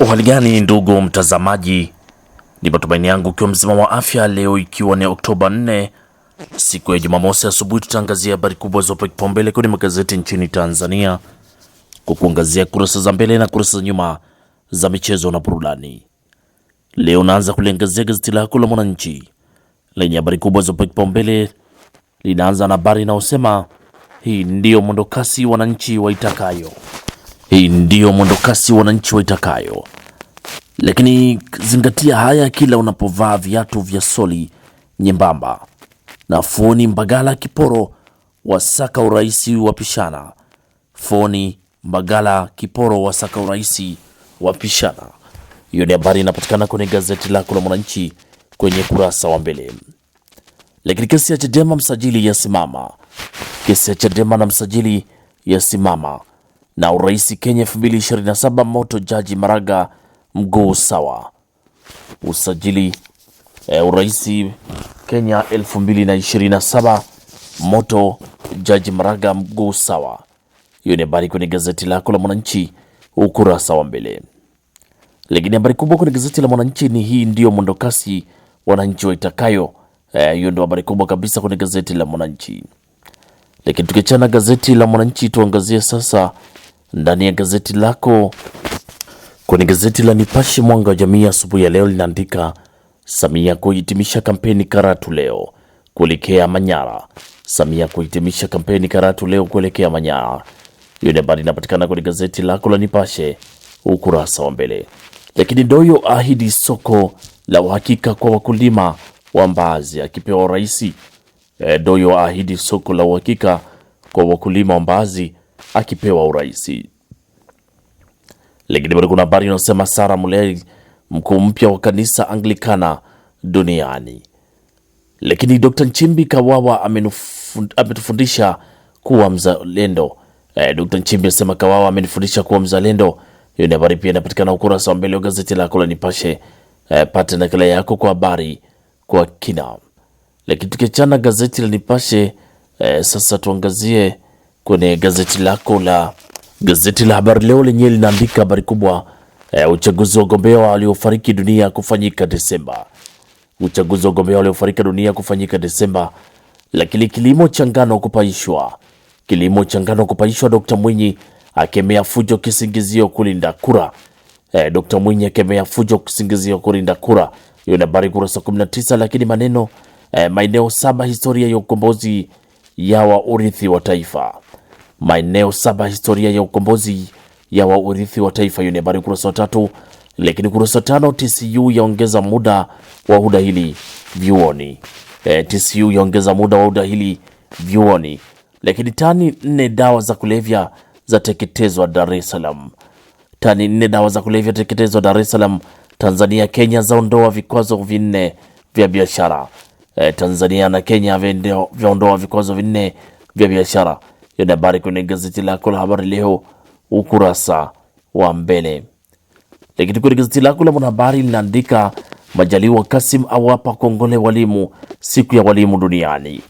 Uhali gani ndugu mtazamaji, ni matumaini yangu ukiwa mzima wa afya leo, ikiwa ni Oktoba 4 siku ya Jumamosi asubuhi, tutaangazia habari kubwa zopa kipaumbele kwenye magazeti nchini Tanzania kwa kuangazia kurasa za mbele na kurasa za nyuma za michezo na burudani. Leo naanza kuliangazia gazeti lako la Mwananchi lenye habari kubwa zopa kipaumbele, linaanza na habari inayosema hii ndiyo mwendokasi wananchi waitakayo. Hii ndiyo mwendokasi wananchi waitakayo, lakini zingatia haya kila unapovaa viatu vya soli nyembamba. Na Foni Mbagala Kiporo wasaka uraisi wa pishana. Foni Mbagala Kiporo wasaka uraisi wa pishana. Hiyo ni habari inapatikana kwenye gazeti lako la Mwananchi kwenye kurasa wa mbele. Lakini kesi ya Chadema msajili yasimama, kesi ya Chadema na msajili yasimama na urais Kenya 2027 moto Jaji Maraga mguu sawa. Usajili e, urais Kenya 2027 moto Jaji Maraga mguu sawa. Hiyo ni habari kwenye gazeti lako la Mwananchi ukurasa wa mbele. Lakini habari kubwa kwenye gazeti la Mwananchi ni hii, ndio mwendokasi wananchi waitakayo. Eh, hiyo e, ndio habari kubwa kabisa kwenye gazeti la Mwananchi. Lakini tukiachana gazeti la Mwananchi tuangazie sasa ndani ya gazeti lako. Kwenye gazeti la Nipashe mwanga wa jamii asubuhi ya leo linaandika Samia kuhitimisha kampeni Karatu leo kuelekea Manyara. Samia kuhitimisha kampeni Karatu leo kuelekea Manyara. Hiyo ni habari inapatikana kwenye gazeti lako la Nipashe ukurasa wa mbele. Lakini Doyo ahidi soko la uhakika kwa wakulima wa mbaazi akipewa rais. E, eh, Doyo ahidi soko la uhakika kwa wakulima wa mbaazi akipewa uraisi. Lakini bado kuna habari inayosema Sara Mulei mkuu mpya wa kanisa Anglikana duniani. Lakini Dr. Nchimbi Kawawa ametufundisha kuwa mzalendo. Eh, Dr. Nchimbi asema Kawawa amenifundisha kuwa mzalendo. Hiyo ni habari pia inapatikana ukurasa wa mbele wa gazeti lako la Nipashe. Eh, pata nakala yako kwa habari kwa kina. Lakini tukiachana gazeti la Nipashe eh, sasa tuangazie kwenye gazeti lako la gazeti la Habari Leo lenyewe linaandika habari kubwa e, uchaguzi wa gombea waliofariki dunia kufanyika Desemba. Uchaguzi wa gombea waliofariki dunia kufanyika Desemba, lakini kilimo cha ngano kupaishwa. Kilimo cha ngano kupaishwa, Dr. Mwinyi akemea fujo kisingizio kulinda kura. E, eh, Dr. Mwinyi akemea fujo kisingizio kulinda kura. Hiyo ni habari kurasa 19, lakini maneno e, maeneo saba historia ya ukombozi ya wa urithi wa taifa maeneo saba historia ya ukombozi ya waurithi wa taifa. Hiyo ni habari ukurasa wa tatu, lakini ukurasa wa tano TCU yaongeza muda wa udahili vyuoni. E, TCU yaongeza muda wa udahili vyuoni. Lakini tani nne dawa za kulevya zateketezwa Dar es Salaam. Tani nne dawa za kulevya teketezwa Dar es Salaam. Tanzania Kenya zaondoa vikwazo vinne vya biashara. E, Tanzania na Kenya vyaondoa vikwazo vinne vya biashara ya habari kwenye gazeti lako la habari leo ukurasa wa mbele. Lakini kwenye gazeti lako la mwanahabari linaandika Majaliwa Kasim awapa kongole walimu siku ya walimu duniani.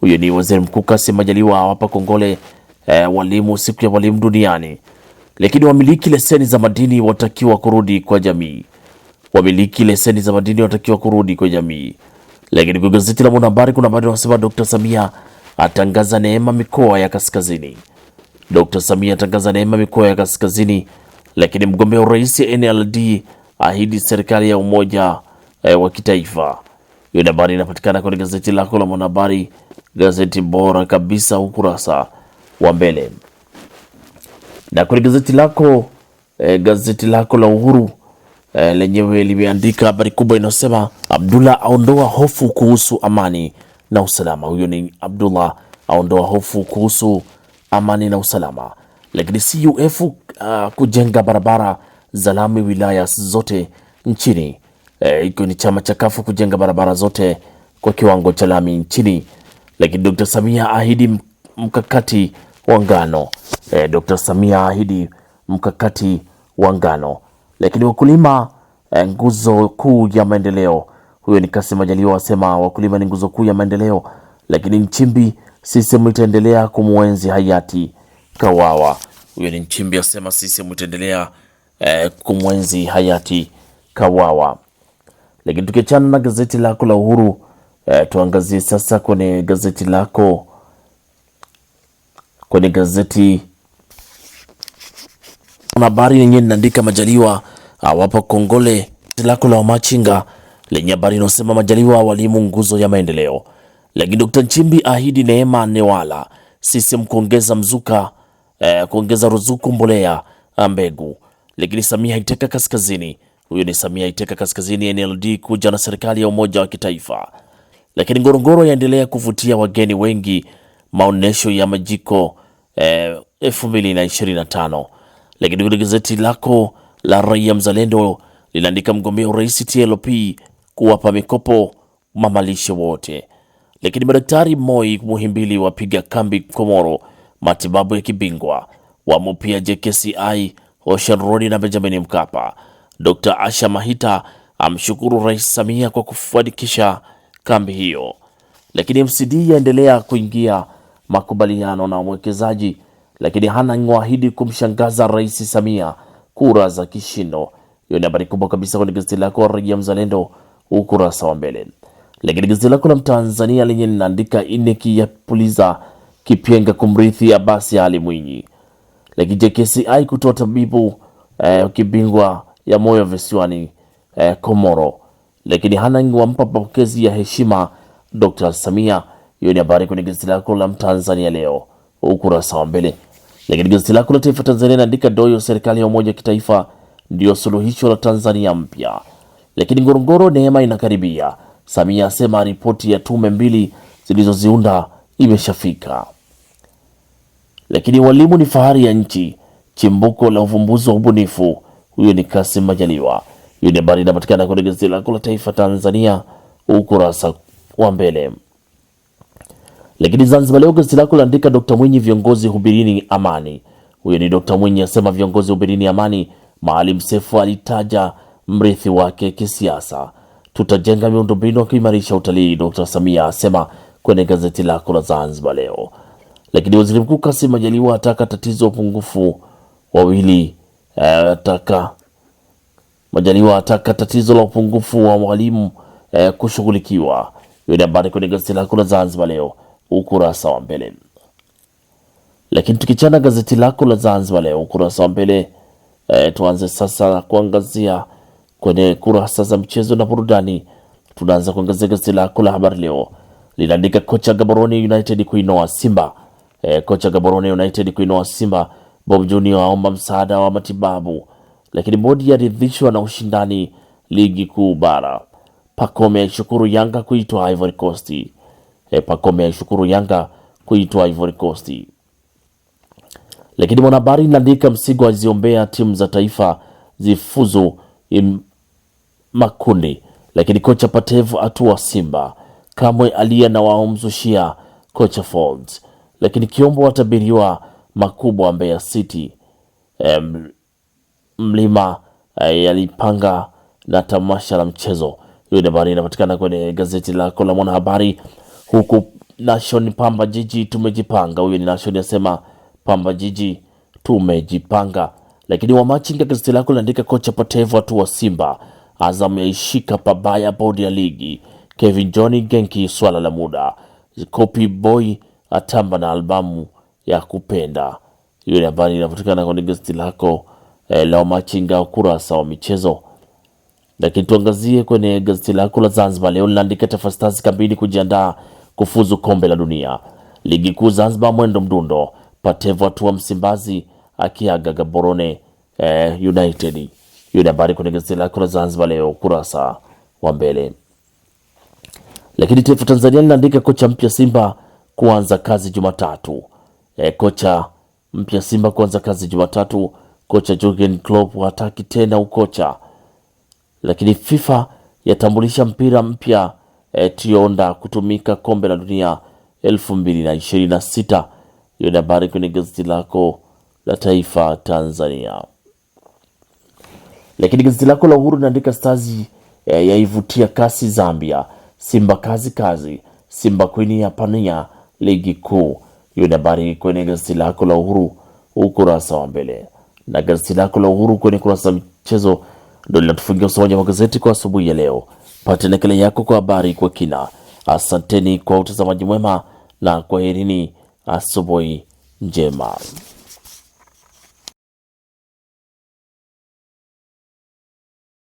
Huyo ni waziri mkuu Kasim Majaliwa awapa kongole eh, walimu siku ya walimu duniani. Lakini wamiliki leseni za madini watakiwa kurudi kwa jamii, wamiliki leseni za madini watakiwa kurudi kwa jamii. Lakini kwa gazeti la mwanahabari kuna habari wasema Dr. Samia atangaza neema mikoa ya kaskazini. Dr. Samia atangaza neema mikoa ya kaskazini. Lakini mgombea urais NLD ahidi serikali ya umoja eh, wa kitaifa. Hiyo habari inapatikana kwenye gazeti lako la Mwanahabari, gazeti bora kabisa, ukurasa wa mbele. Na kwenye gazeti lako eh, gazeti lako la Uhuru eh, lenyewe limeandika habari kubwa inayosema Abdullah aondoa hofu kuhusu amani na usalama. Huyo ni Abdullah aondoa hofu kuhusu amani na usalama. Lakini CUF uh, kujenga barabara za lami wilaya zote nchini eh, ikiwa e, ni chama cha kafu kujenga barabara zote kwa kiwango cha lami nchini. Lakini Dr. Samia ahidi mkakati wa ngano e, eh, Dr. Samia ahidi mkakati wa ngano. Lakini wakulima eh, nguzo kuu ya maendeleo huyo ni Kassim Majaliwa, wasema wakulima ni nguzo kuu ya maendeleo, lakini Nchimbi CCM itaendelea kumwenzi hayati Kawawa. Huyo ni Nchimbi asema CCM itaendelea eh, kumwenzi hayati Kawawa. Lakini tukiachana na gazeti lako la Uhuru eh, tuangazie sasa kwenye gazeti lako kwenye gazeti habari yenyewe inaandika Majaliwa awapa ah, kongole lako la Wamachinga lenye habari inayosema Majaliwa walimu nguzo ya maendeleo, lakini Dr. Nchimbi ahidi neema Newala, CCM kuongeza mzuka eh, kuongeza ruzuku mbolea ah, mbegu, lakini Samia haiteka kaskazini. Huyo ni Samia haiteka kaskazini NLD kuja na serikali ya umoja wa kitaifa, lakini Ngorongoro yaendelea kuvutia wageni wengi maonyesho ya majiko eh, 2025 lakini kwenye gazeti lako la Raia Mzalendo linaandika mgombea urais TLP kuwapa mikopo mamalishe wote. Lakini madaktari Moi Muhimbili wapiga kambi Komoro, matibabu ya kibingwa wamo pia JKCI Ocean Road na Benjamin Mkapa. Dr. Asha Mahita amshukuru Rais Samia kwa kufanikisha kambi hiyo. Lakini MCD yaendelea kuingia makubaliano na mwekezaji, lakini hana waahidi kumshangaza Rais Samia kura za kishindo. Hiyo ni habari kubwa kabisa kwenye gazeti lako Raia Mzalendo ukurasa wa mbele. Lakini gazeti lako la Mtanzania lenye linaandika ya puliza kipenga kumrithi Abasi Ali Mwinyi. Lakini JKCI kutoa tabibu eh, kibingwa ya moyo visiwani eh, Komoro. Lakini Hanang wampa mapokezi ya heshima Dr. Samia. Hiyo ni habari kwenye gazeti lako la Mtanzania leo ukurasa wa mbele. Lakini gazeti lako la Taifa Tanzania inaandika doyo serikali ya umoja kitaifa ndio suluhisho la Tanzania mpya. Lakini Ngorongoro neema inakaribia. Samia asema ripoti ya tume mbili zilizoziunda imeshafika. Lakini walimu ni fahari ya nchi, chimbuko la uvumbuzi wa ubunifu. Huyo ni Kasim Majaliwa. Hiyo ni habari inapatikana kwenye gazeti lako la Taifa Tanzania ukurasa wa mbele. Lakini Zanzibar Leo gazeti lako laandika Dr. Mwinyi, viongozi hubirini amani. Huyo ni Dr. Mwinyi asema viongozi hubirini amani. Maalim Sefu alitaja mrithi wake kisiasa. Tutajenga miundombinu kuimarisha utalii, Dr Samia asema kwenye gazeti lako la Zanzibar Leo. Lakini waziri mkuu Kassim Majaliwa ataka tatizo upungufu wawili eh, ataka Majaliwa ataka tatizo la upungufu wa mwalimu eh, kushughulikiwa. Hiyo ni habari kwenye gazeti lako la Zanzibar Leo ukurasa wa mbele. Lakini tukichana gazeti lako la Zanzibar Leo ukurasa wa mbele eh, tuanze sasa kuangazia kwenye kurasa za michezo na burudani. Tunaanza kuangazia gazeti lako la habari leo linaandika kocha Gaborone United kuinoa Simba. E, kocha Gaborone United kuinoa Simba. Bob Junior aomba msaada wa matibabu, lakini bodi yaridhishwa na ushindani ligi kuu bara. Pakome aishukuru Yanga kuitwa Ivory Coast. E, Pakome aishukuru Yanga kuitwa Ivory Coast. Lakini mwanahabari inaandika Msigo aziombea timu za taifa zifuzu makundi, lakini kocha Patev atua Simba, kamwe alia na waomzushia kocha Folds, lakini Kiombo watabiriwa makubwa Mbeya City. E, mlima e, yalipanga na tamasha la mchezo. Hiyo ni habari inapatikana kwenye gazeti lako la Mwanahabari, huku Nation Pamba Jiji tumejipanga. Huyo ni Nation yasema Pamba Jiji tumejipanga, lakini Wamachinga gazeti lako linaandika kocha Patev atua Simba Azam yaishika pabaya bodi ya ligi. Kevin Johnny Genki swala la muda. Kopi Boy atamba na albamu ya kupenda. Hiyo ni habari inapatikana kwenye gazeti lako eh, la Machinga ukurasa wa michezo. Lakini tuangazie kwenye gazeti lako la Zanzibar leo linaandika Taifa Stars kambini kujiandaa kufuzu kombe la dunia. Ligi kuu Zanzibar mwendo mdundo. Patevo atua Msimbazi akiaga Gaborone eh, United. Hiyo ni habari kwenye gazeti lako la Zanzibar Leo ukurasa wa mbele. Lakini Taifa Tanzania linaandika kocha mpya Simba kuanza kazi Jumatatu. E, kocha mpya Simba kuanza kazi Jumatatu. Kocha Jurgen Klopp hataki tena ukocha. Lakini FIFA yatambulisha mpira mpya e, Tionda kutumika kombe la dunia 2026. Hiyo ni habari kwenye gazeti lako la Taifa Tanzania. Lakini gazeti lako la Uhuru linaandika Stars eh, yaivutia kasi Zambia, Simba kazi kazi, Simba kwini ya pania ligi kuu. Hiyo ni habari kwenye gazeti lako la Uhuru ukurasa wa mbele, na gazeti lako la Uhuru kwenye kurasa michezo ndo linatufungia usomaji wa magazeti kwa asubuhi ya leo. Pate nakale yako kwa habari kwa kina. Asanteni kwa utazamaji mwema na kwaherini, asubuhi njema.